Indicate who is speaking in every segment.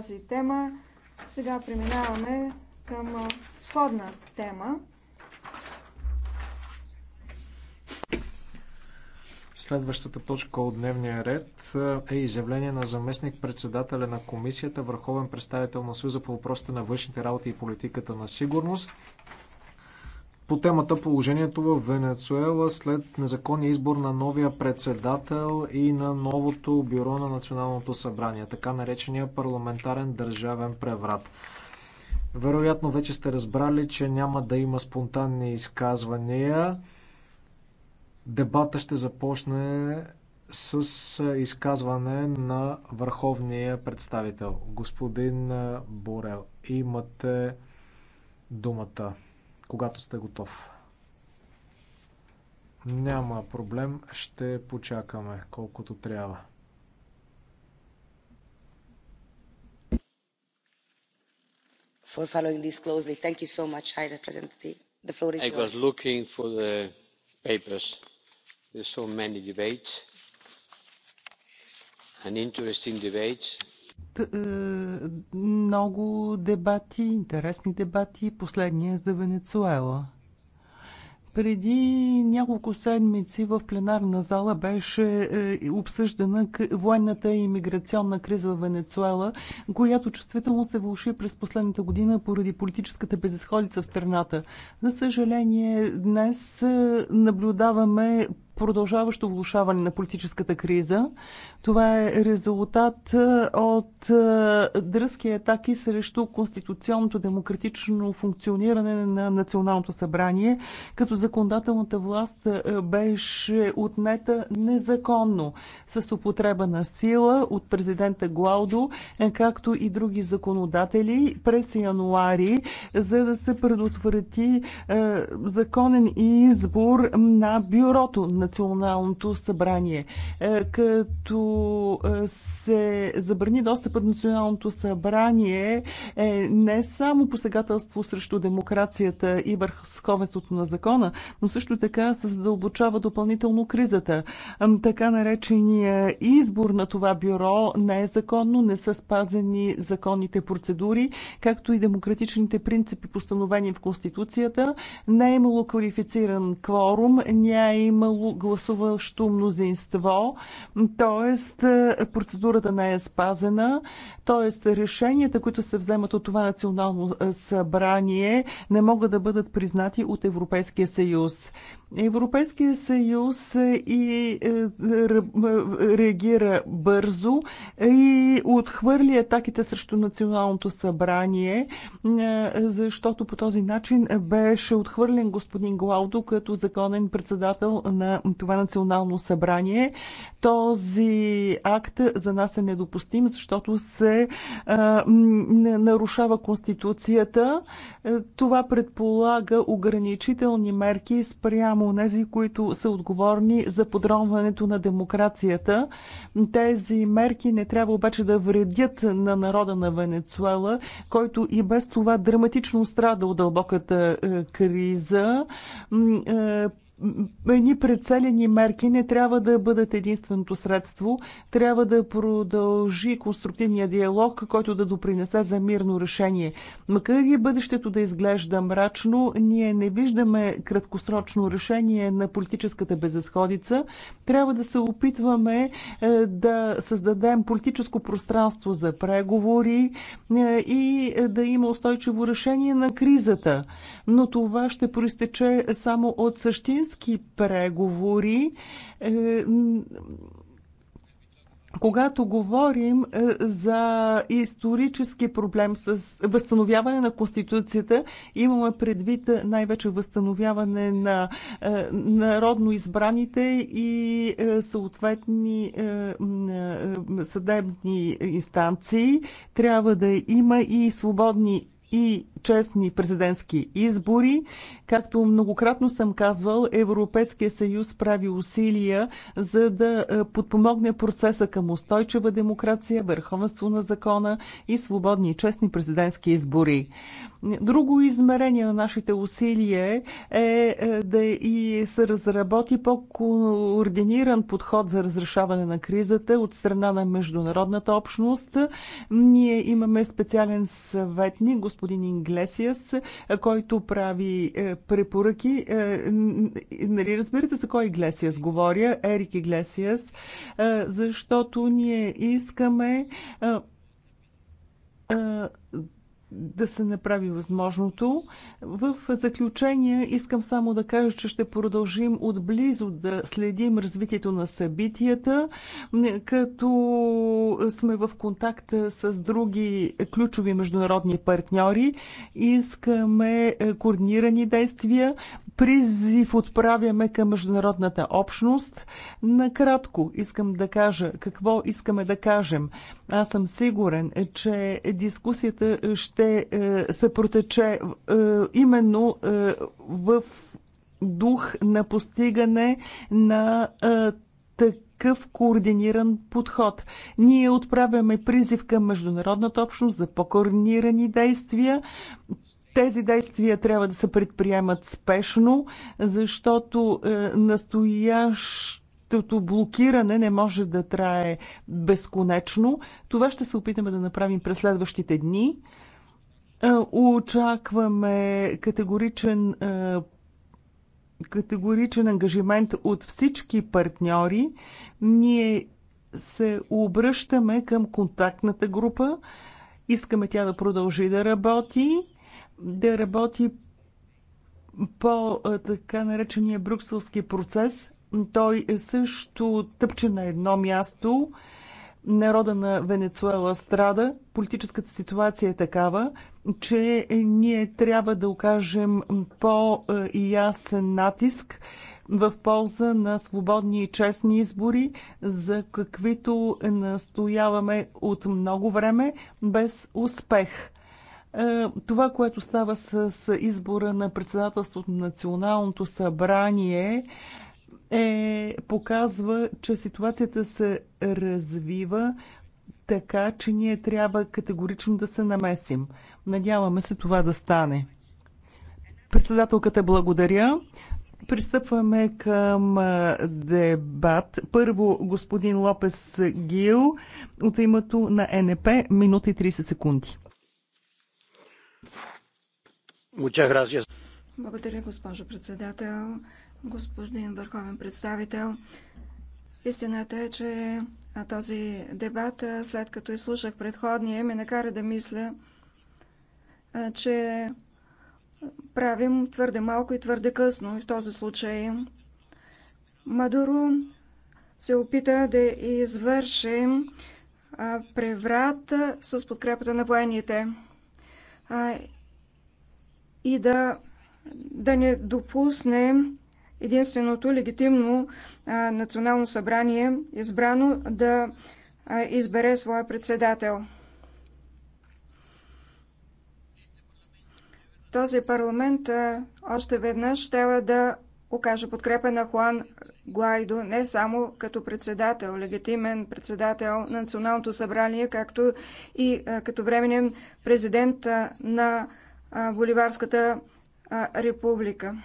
Speaker 1: тази тема. Сега преминаваме към сходна тема.
Speaker 2: Следващата точка от дневния ред е изявление на заместник председателя на комисията, върховен представител на Съюза по въпросите на външните работи и политиката на сигурност по темата положението в Венецуела след незаконния избор на новия председател и на новото бюро на Националното събрание, така наречения парламентарен държавен преврат. Вероятно вече сте разбрали, че няма да има спонтанни изказвания. Дебата ще започне с изказване на върховния представител, господин Борел. Имате думата когато сте готов. Няма проблем, ще почакаме колкото трябва.
Speaker 1: for following this closely. Thank you so much, High Representative.
Speaker 3: The floor is I yours. I was
Speaker 2: looking for the papers. There's so many debates. An interesting debate.
Speaker 3: Е, много дебати, интересни дебати, последния е за Венецуела. Преди няколко седмици в пленарна зала беше е, обсъждана военната и миграционна криза в Венецуела, която чувствително се вълши през последната година поради политическата безисходица в страната. За съжаление, днес наблюдаваме продължаващо влушаване на политическата криза. Това е резултат е, от е, дръзки атаки срещу конституционното демократично функциониране на Националното събрание, като законодателната власт е, беше отнета незаконно с употреба на сила от президента Гуалдо, както и други законодатели през януари, за да се предотврати законен избор на бюрото на националното събрание, е, като е, се забрани достъпът на националното събрание е не само посегателство срещу демокрацията и върховенството на закона, но също така се задълбочава допълнително кризата. Е, така наречения избор на това бюро не е законно, не са спазени законните процедури, както и демократичните принципи, постановени в Конституцията. Не е имало квалифициран кворум, не е имало гласуващо мнозинство, т.е. процедурата не е спазена, т.е. решенията, които се вземат от това национално е, събрание, не могат да бъдат признати от Европейския съюз. Европейския съюз и е, е, реагира бързо и отхвърли атаките срещу Националното събрание, е, защото по този начин беше отхвърлен господин Глаудо като законен председател на това Национално събрание. Този акт за нас е недопустим, защото се нарушава Конституцията. Това предполага ограничителни мерки спрямо само онези, които са отговорни за подронването на демокрацията. Тези мерки не трябва обаче да вредят на народа на Венецуела, който и без това драматично страда от дълбоката е, криза е, едни прецелени мерки не трябва да бъдат единственото средство. Трябва да продължи конструктивния диалог, който да допринесе за мирно решение. Макар и бъдещето да изглежда мрачно, ние не виждаме краткосрочно решение на политическата безисходица. Трябва да се опитваме е, да създадем политическо пространство за преговори е, и да има устойчиво решение на кризата. Но това ще проистече само от същинство истински преговори е, когато говорим е, за исторически проблем с възстановяване на Конституцията, имаме предвид най-вече възстановяване на е, народно избраните и съответни съдебни инстанции. Трябва да има и свободни и честни президентски избори. Както многократно съм казвал, Европейския съюз прави усилия за да е, подпомогне процеса към устойчива демокрация, върховенство на закона и свободни и честни президентски избори. Друго измерение на нашите усилия е, е да и се разработи по-координиран подход за разрешаване на кризата от страна на международната общност. Ние имаме специален съветник, господин Инглес, Иглесиас, който прави е, препоръки. Е, нали, разбирате за кой Иглесиас говоря? Ерик Иглесиас, защото ние искаме е, да се направи възможното. В заключение искам само да кажа, че ще продължим отблизо да следим развитието на събитията, като сме в контакт с други ключови международни партньори. Искаме координирани действия, призив отправяме към международната общност. Накратко искам да кажа какво искаме да кажем. Аз съм сигурен, че дискусията ще се протече е, именно е, в дух на постигане на е, такъв координиран подход. Ние отправяме призив към международната общност за по-координирани действия. Тези действия трябва да се предприемат спешно, защото е, настоящото блокиране не може да трае безконечно. Това ще се опитаме да направим през следващите дни. Е, очакваме категоричен е, категоричен ангажимент от всички партньори. Ние се обръщаме към контактната група. Искаме тя да продължи да работи да работи по така наречения брюкселски процес. Той също тъпче на едно място. Народа на Венецуела страда. Политическата ситуация е такава, че ние трябва да окажем по-ясен натиск в полза на свободни и честни избори, за каквито настояваме от много време без успех. Е, това, което става с, с избора на председателството на Националното събрание, е, показва, че ситуацията се развива така, че ние трябва категорично да се намесим. Надяваме се това да стане. Председателката благодаря. Пристъпваме към е, дебат. Първо господин Лопес Гил от името на НП минути 30 секунди.
Speaker 1: Благодаря, госпожо председател, господин върховен представител. Истината е, че този дебат, след като изслушах предходния, ме накара да мисля, че правим твърде малко и твърде късно. И в този случай Мадуро се опита да извърши преврат с подкрепата на военните и да, да не допусне единственото легитимно национално събрание, избрано да избере своя председател. Този парламент още веднъж трябва да окаже подкрепа на Хуан Гуайдо не само като председател, легитимен председател на Националното събрание, както и като временен президент на Боливарската република.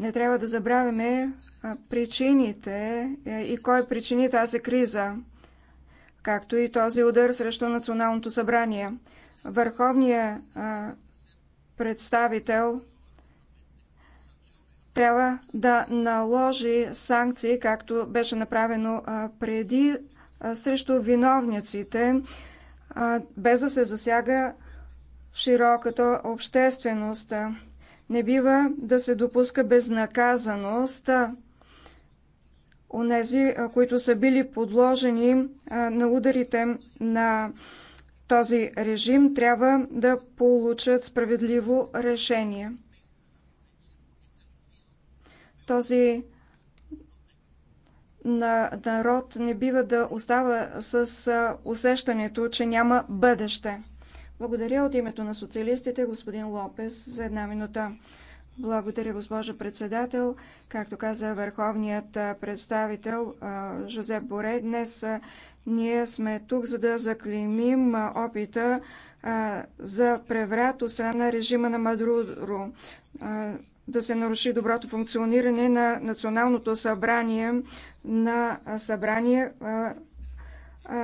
Speaker 1: Не трябва да забравяме причините е, и кой причини тази криза, както и този удар срещу Националното събрание. Върховният представител трябва да наложи санкции, както беше направено преди, срещу виновниците, без да се засяга широката общественост. Не бива да се допуска безнаказаност онези, които са били подложени на ударите на този режим, трябва да получат справедливо решение. Този народ не бива да остава с усещането, че няма бъдеще. Благодаря от името на социалистите, господин Лопес, за една минута. Благодаря, госпожо председател. Както каза върховният представител Жозеп Боре, днес ние сме тук, за да заклеймим опита за преврат от страна на режима на Мадруро да се наруши доброто функциониране на Националното събрание на събрание.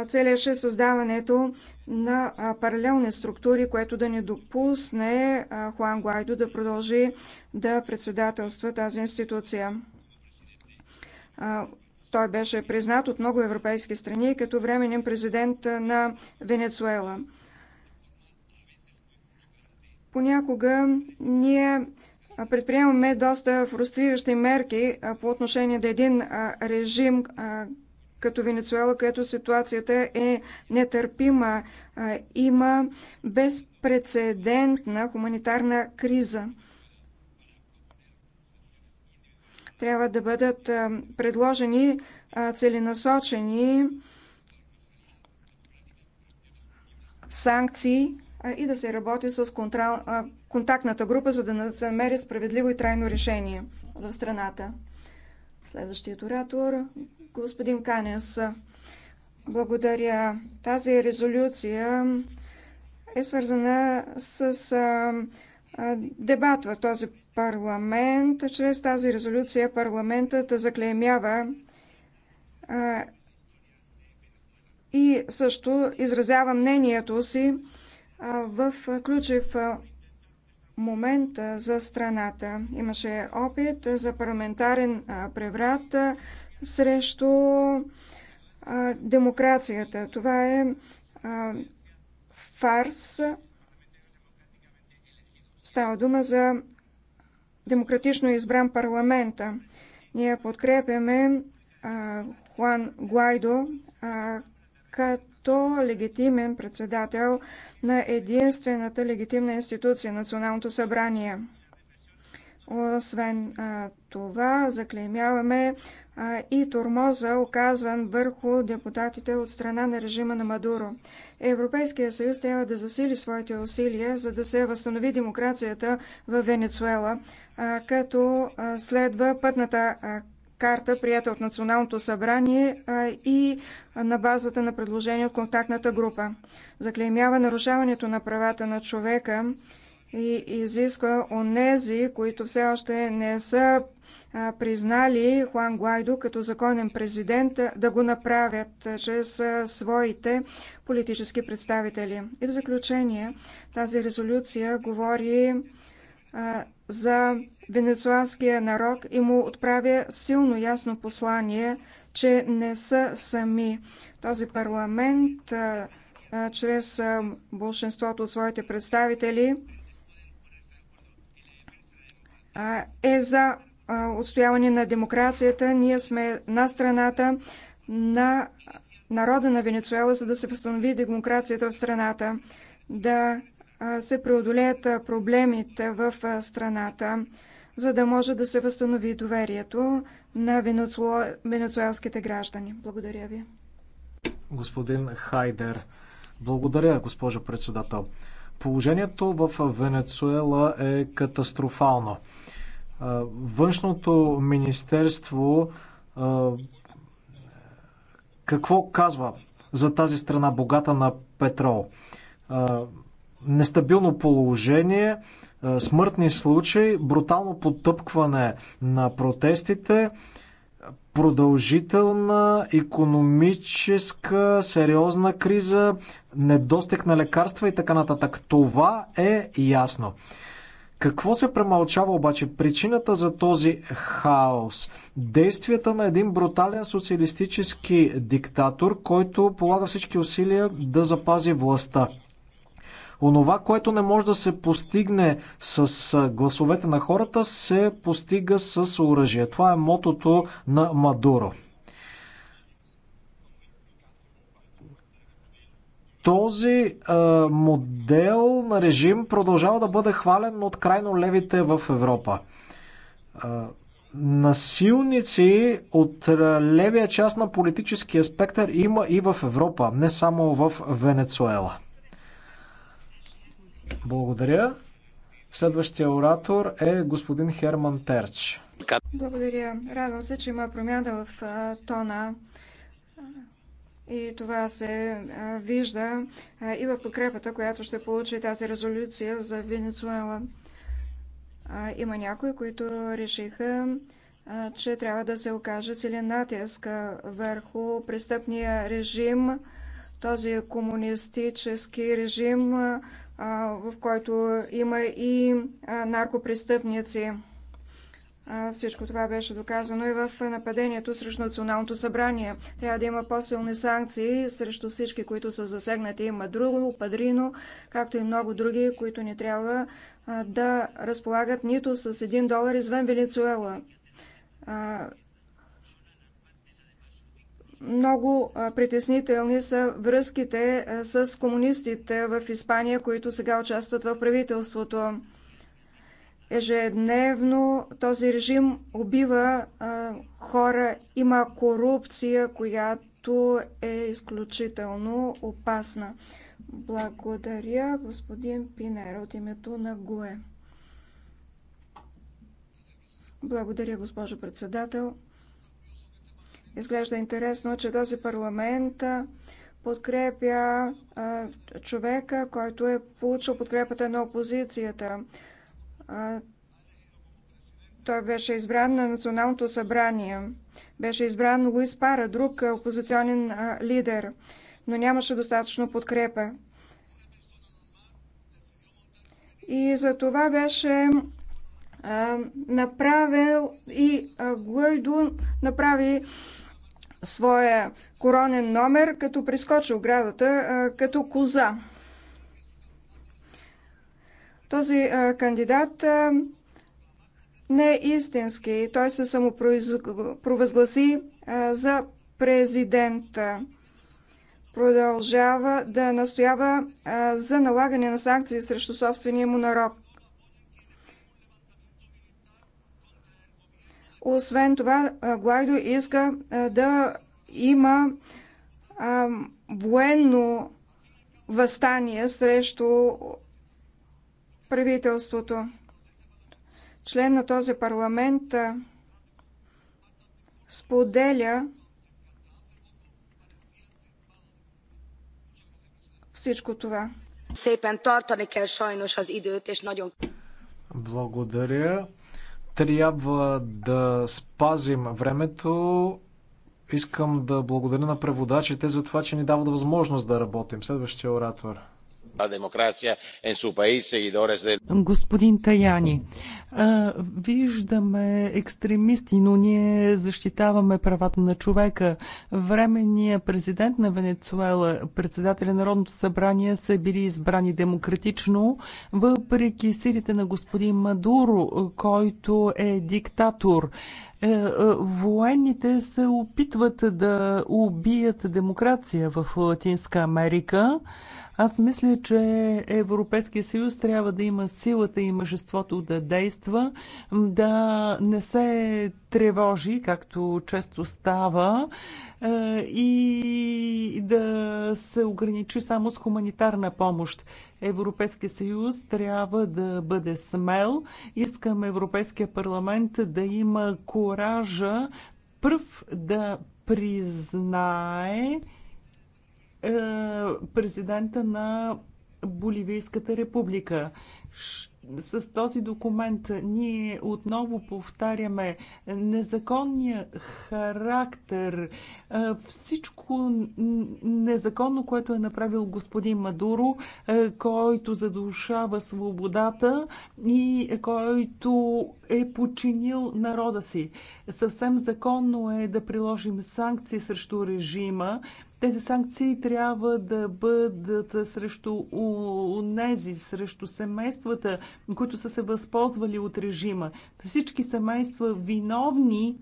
Speaker 1: Целяше създаването на паралелни структури, което да не допусне Хуан Гуайдо да продължи да председателства тази институция. Той беше признат от много европейски страни като временен президент на Венецуела. Понякога ние предприемаме доста фрустриращи мерки по отношение на един режим като Венецуела, където ситуацията е нетърпима. Има безпредседентна хуманитарна криза. Трябва да бъдат предложени целенасочени санкции и да се работи с контрал, контактната група, за да намери справедливо и трайно решение в страната. Следващият оратор, господин Канес. Благодаря. Тази резолюция е свързана с а, а, дебат в този парламент. Чрез тази резолюция парламентът заклеймява а, и също изразява мнението си в ключов момент за страната. Имаше опит за парламентарен преврат срещу демокрацията. Това е фарс. Става дума за демократично избран парламента. Ние подкрепяме Хуан Гуайдо като легитимен председател на единствената легитимна институция Националното събрание. Освен а, това, заклеймяваме а, и тормоза, оказан върху депутатите от страна на режима на Мадуро. Европейския съюз трябва да засили своите усилия, за да се възстанови демокрацията в Венецуела, а, като а, следва пътната а, карта, прията от Националното събрание и на базата на предложение от контактната група. Заклеймява нарушаването на правата на човека и изисква онези, които все още не са признали Хуан Гуайдо като законен президент, да го направят чрез своите политически представители. И в заключение тази резолюция говори за венецуанския народ и му отправя силно ясно послание, че не са сами. Този парламент, чрез большинството от своите представители, е за отстояване на демокрацията. Ние сме на страната на народа на Венецуела, за да се възстанови демокрацията в страната. Да се преодолеят проблемите в страната, за да може да се възстанови доверието на венецуелските граждани. Благодаря ви.
Speaker 2: Господин Хайдер, благодаря, госпожо председател. Положението в Венецуела е катастрофално. Външното министерство какво казва за тази страна богата на петрол? нестабилно положение, е, смъртни случаи, брутално потъпкване на протестите, продължителна економическа сериозна криза, недостиг на лекарства и така нататък. Това е ясно. Какво се премълчава обаче? Причината за този хаос. Действията на един брутален социалистически диктатор, който полага всички усилия да запази властта. Онова, което не може да се постигне с гласовете на хората, се постига с оръжие. Това е мотото на Мадуро. този а, е, модел на режим продължава да бъде хвален от крайно левите в Европа. А, е, насилници от левия част на политическия спектър има и в Европа, не само в Венецуела. Благодаря. Следващия оратор е господин Херман Терч.
Speaker 1: Благодаря. Радвам се, че има промяна в тона. И това се вижда и в подкрепата, която ще получи тази резолюция за Венецуела. Има някои, които решиха, че трябва да се окаже силен натиск върху престъпния режим, този комунистически режим, в който има и наркопрестъпници. Всичко това беше доказано и в нападението срещу Националното събрание. Трябва да има по-силни санкции срещу всички, които са засегнати. Има друго, Падрино, както и много други, които не трябва да разполагат нито с един долар извън Венецуела. Много притеснителни са връзките с комунистите в Испания, които сега участват в правителството. Ежедневно този режим убива хора, има корупция, която е изключително опасна. Благодаря, господин Пинер, от името на ГУЕ. Благодаря, госпожо председател. Изглежда интересно, че този парламент подкрепя човека, който е получил подкрепата на опозицията. Той беше избран на Националното събрание. Беше избран Луис Пара, друг опозиционен лидер, но нямаше достатъчно подкрепа. И за това беше направил и Гойдун направи своя коронен номер, като прескочи оградата като коза. Този кандидат не е истински. Той се самопровъзгласи за президента. Продължава да настоява за налагане на санкции срещу собствения му народ. Освен това, Гуайдо иска да има военно възстание срещу правителството. Член на този парламент споделя всичко това.
Speaker 2: Благодаря трябва да спазим времето. Искам да благодаря на преводачите за това, че ни дават възможност да работим. Следващия оратор.
Speaker 3: Господин Таяни, Виждаме екстремисти, но ние защитаваме правата на човека. Временният президент на Венецуела, председателя на Народното събрание са били избрани демократично, въпреки силите на господин Мадуро, който е диктатор е, е, военните се опитват да убият демокрация в Латинска Америка, аз мисля, че Европейския съюз трябва да има силата и мъжеството да действа, да не се тревожи, както често става, е, и да се ограничи само с хуманитарна помощ. Европейския съюз трябва да бъде смел. Искам Европейския парламент да има коража пръв да признае е, президента на Боливийската република. С този документ ние отново повтаряме незаконния характер, е, всичко незаконно, което е направил господин Мадуро, е, който задушава свободата и който е подчинил народа си. Съвсем законно е да приложим санкции срещу режима, тези санкции трябва да бъдат срещу унези, срещу семействата, които са се възползвали от режима. Всички семейства виновни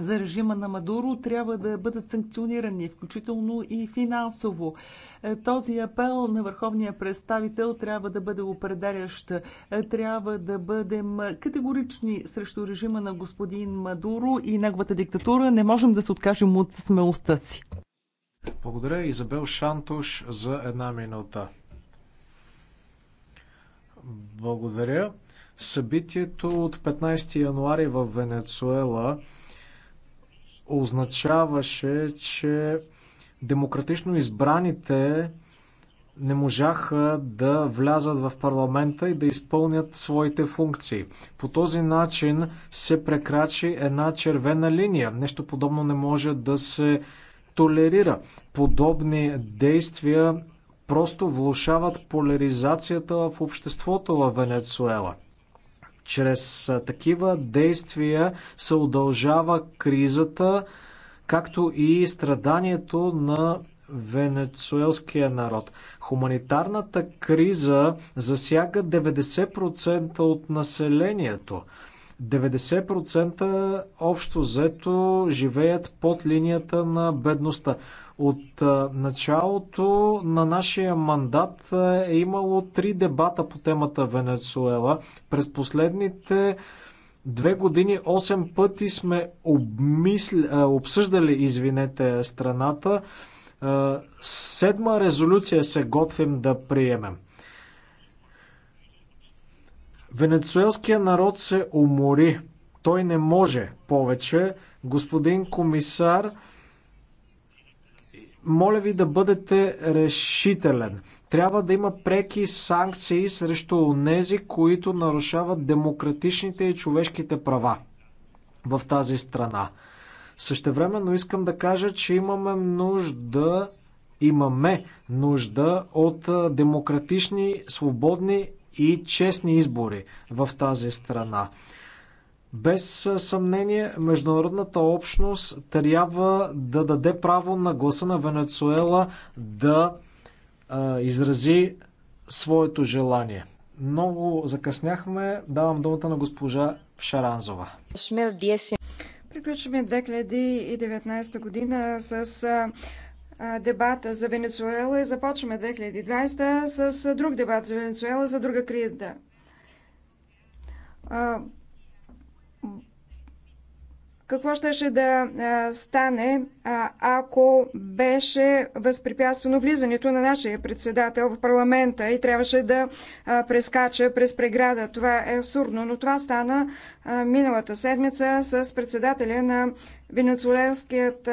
Speaker 3: за режима на Мадуро трябва да бъдат санкционирани, включително и финансово. Е, този апел на върховния представител трябва да бъде определящ. Е, трябва да бъдем категорични срещу режима на господин Мадуро и неговата диктатура. Не можем да се откажем от смелостта си.
Speaker 2: Благодаря Изабел Шантуш за една минута. Благодаря. Събитието от 15 януари в Венецуела означаваше, че демократично избраните не можаха да влязат в парламента и да изпълнят своите функции. По този начин се прекрачи една червена линия. Нещо подобно не може да се толерира. Подобни действия просто влушават поляризацията в обществото във Венецуела. Чрез такива действия се удължава кризата, както и страданието на венецуелския народ. Хуманитарната криза засяга 90% от населението. 90% общо взето живеят под линията на бедността. От началото на нашия мандат е имало три дебата по темата Венецуела. През последните две години 8 пъти сме обмисли, обсъждали извинете, страната. Седма резолюция се готвим да приемем. Венецуелския народ се умори. Той не може повече. Господин комисар, моля ви да бъдете решителен. Трябва да има преки санкции срещу онези, които нарушават демократичните и човешките права в тази страна. Същевременно искам да кажа, че имаме нужда, имаме нужда от демократични, свободни и честни избори в тази страна. Без съмнение, международната общност трябва да даде право на гласа на Венецуела да а, изрази своето желание. Много закъсняхме. Давам думата на госпожа Шаранзова.
Speaker 1: Е- Приключваме 2019 година с дебата за Венецуела е и започваме 2020 с друг дебат за Венецуела, за друга криза. Какво щеше да стане, ако беше възпрепятствано влизането на нашия председател в парламента и трябваше да прескача през преграда? Това е абсурдно, но това стана миналата седмица с председателя на венецуелският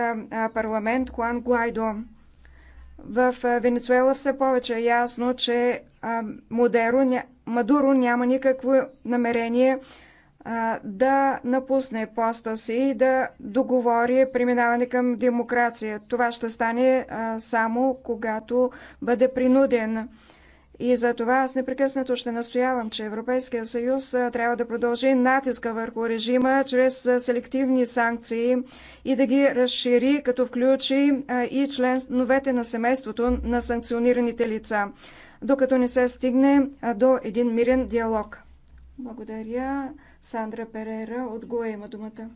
Speaker 1: парламент Хуан Гуайдо. В Венецуела все повече е ясно, че Модеро, Мадуро няма никакво намерение да напусне поста си и да договори преминаване към демокрация. Това ще стане само когато бъде принуден. И за това аз непрекъснато ще настоявам, че Европейския съюз трябва да продължи натиска върху режима чрез селективни санкции и да ги разшири, като включи и членовете на семейството на санкционираните лица, докато не се стигне до един мирен диалог. Благодаря. Сандра Перера от Гуе има думата.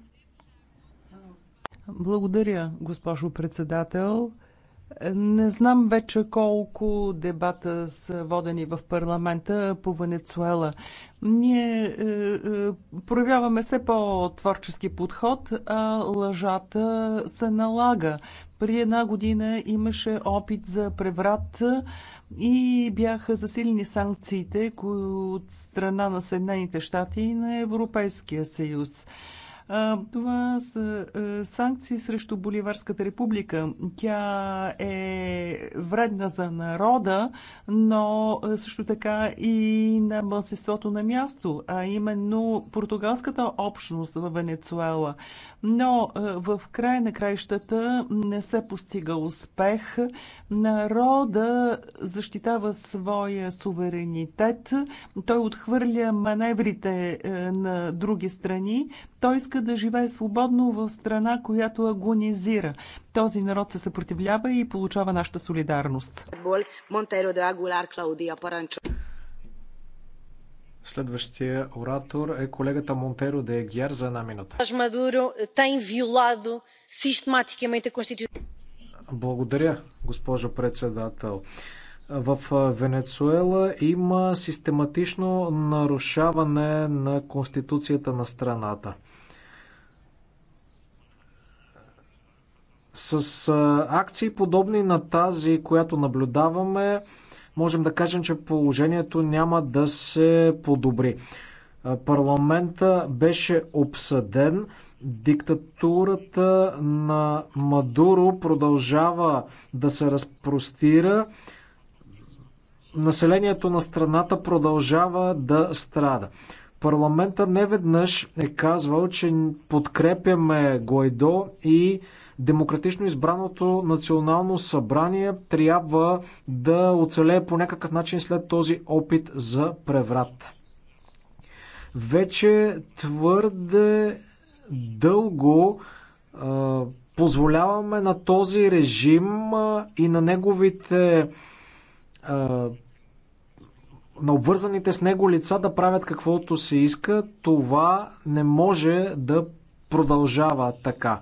Speaker 3: Благодаря, госпожо председател. Не знам вече колко дебата са водени в парламента по Венецуела. Ние е, е, проявяваме все по-творчески подход, а лъжата се налага. При една година имаше опит за преврат и бяха засилени санкциите от страна на Съединените щати и на Европейския съюз. Това са е, санкции срещу Боливарската република. Тя е вредна за народа, но е, също така и на мълцинството на място, а именно португалската общност в Венецуела. Но е, в края на краищата не се постига успех. Народа защитава своя суверенитет. Той отхвърля маневрите на други страни той иска да живее свободно в страна, която агонизира. Този народ се съпротивлява и получава нашата солидарност.
Speaker 2: Следващия оратор
Speaker 3: е колегата
Speaker 2: Монтеро де Егиар за една минута. Благодаря, госпожо председател. В Венецуела има систематично нарушаване на конституцията на страната. С акции подобни на тази, която наблюдаваме, можем да кажем, че положението няма да се подобри. Парламента беше обсъден. Диктатурата на Мадуро продължава да се разпростира населението на страната продължава да страда. Парламента неведнъж е казвал, че подкрепяме Гойдо и демократично избраното национално събрание трябва да оцелее по някакъв начин след този опит за преврат. Вече твърде дълго позволяваме на този режим и на неговите на обвързаните с него лица да правят каквото се иска, това не може да продължава така.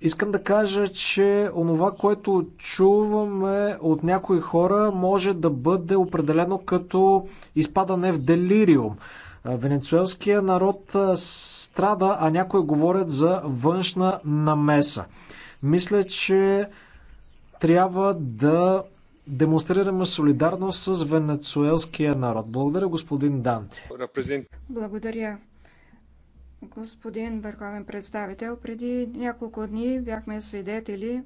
Speaker 2: Искам да кажа, че онова, което чуваме от някои хора, може да бъде определено като изпадане в делириум. Венецуелския народ страда, а някои говорят за външна намеса. Мисля, че трябва да демонстрираме солидарност с венецуелския народ. Благодаря, господин Данти.
Speaker 1: Благодаря, господин върховен представител. Преди няколко дни бяхме свидетели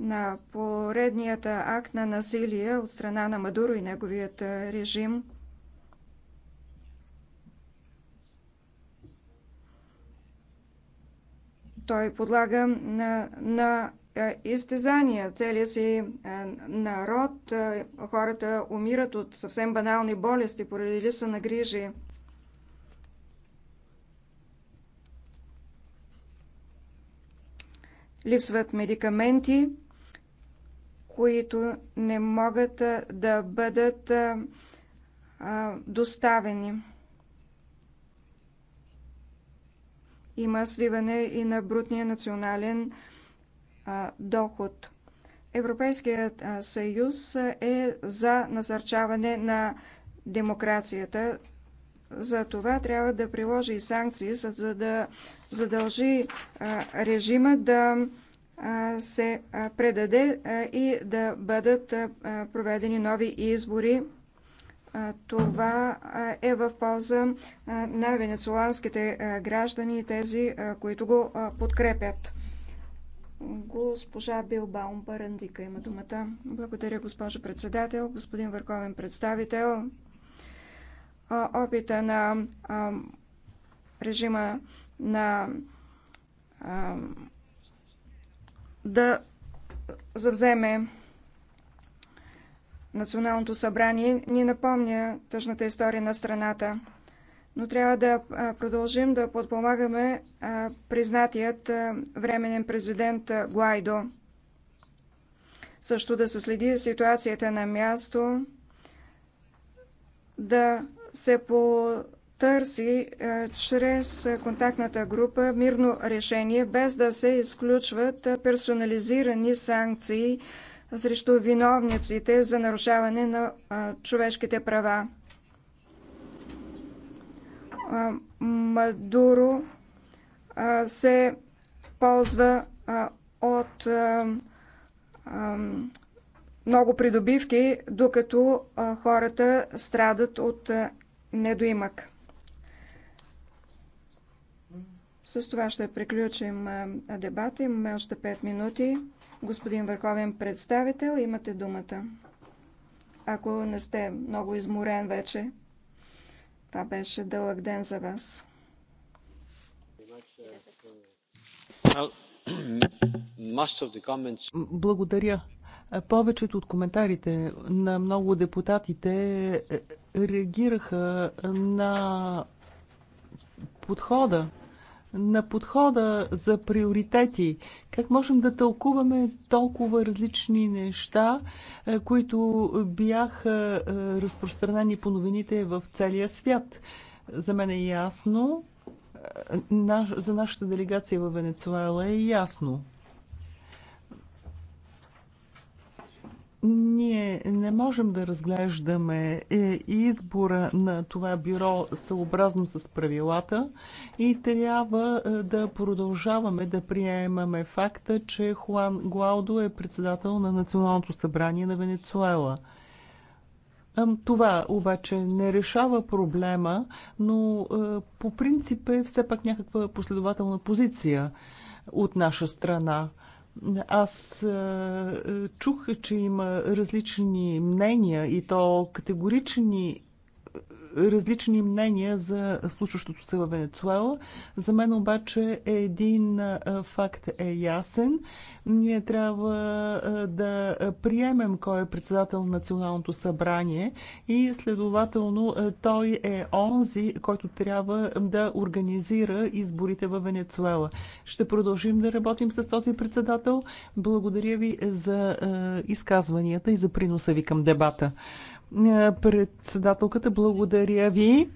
Speaker 1: на поредният акт на насилие от страна на Мадуро и неговият режим. Той подлага на, на е, изтезания. Целият си е, народ, е, хората умират от съвсем банални болести поради липса на грижи. Липсват медикаменти, които не могат да бъдат доставени. Има свиване и на брутния национален доход. Европейският съюз е за насърчаване на демокрацията. За това трябва да приложи и санкции, за да задължи режима да се предаде и да бъдат проведени нови избори. Това е в полза на венецуланските граждани и тези, които го подкрепят. Госпожа Билбаум Парандика има думата. Благодаря, госпожо председател, господин върховен представител. Опита на режима на да завземе Националното събрание ни напомня тъжната история на страната но трябва да продължим да подпомагаме признатият временен президент Гуайдо. Също да се следи ситуацията на място, да се потърси чрез контактната група мирно решение, без да се изключват персонализирани санкции срещу виновниците за нарушаване на човешките права. Мадуро се ползва от много придобивки, докато хората страдат от недоимък. С това ще приключим дебата. Имаме още 5 минути. Господин Върховен представител, имате думата. Ако не сте много изморен вече. Това беше дълъг ден за вас.
Speaker 3: Благодаря. Повечето от коментарите на много депутатите е, реагираха на подхода на подхода за приоритети. Как можем да тълкуваме толкова различни неща, е, които бяха е, разпространени по новините в целия свят? За мен е ясно, е, за нашата делегация във Венецуела е ясно. не можем да разглеждаме е, избора на това бюро съобразно с правилата и трябва е, да продължаваме да приемаме факта, че Хуан Гуалдо е председател на Националното събрание на Венецуела. Това обаче не решава проблема, но е, по принцип е все пак някаква последователна позиция от наша страна. Аз е, е, чух, че има различни мнения и то категорични различни мнения за случващото се в Венецуела. За мен обаче един факт е ясен. Ние трябва да приемем кой е председател на Националното събрание и следователно той е онзи, който трябва да организира изборите в Венецуела. Ще продължим да работим с този председател. Благодаря ви за изказванията и за приноса ви към дебата. Председателката, благодаря ви.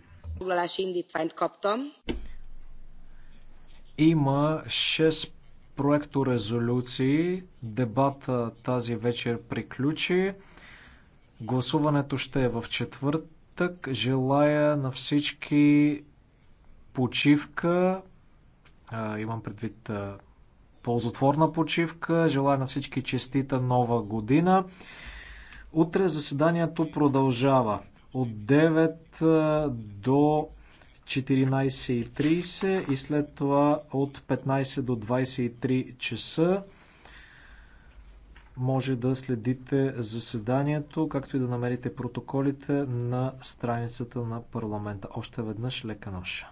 Speaker 2: Има 6 проекто резолюции. Дебата тази вечер приключи. Гласуването ще е в четвъртък. Желая на всички почивка. имам предвид ползотворна почивка. Желая на всички честита нова година. Утре заседанието продължава от 9 до 14.30 и след това от 15 до 23 часа може да следите заседанието, както и да намерите протоколите на страницата на парламента. Още веднъж лека ноша.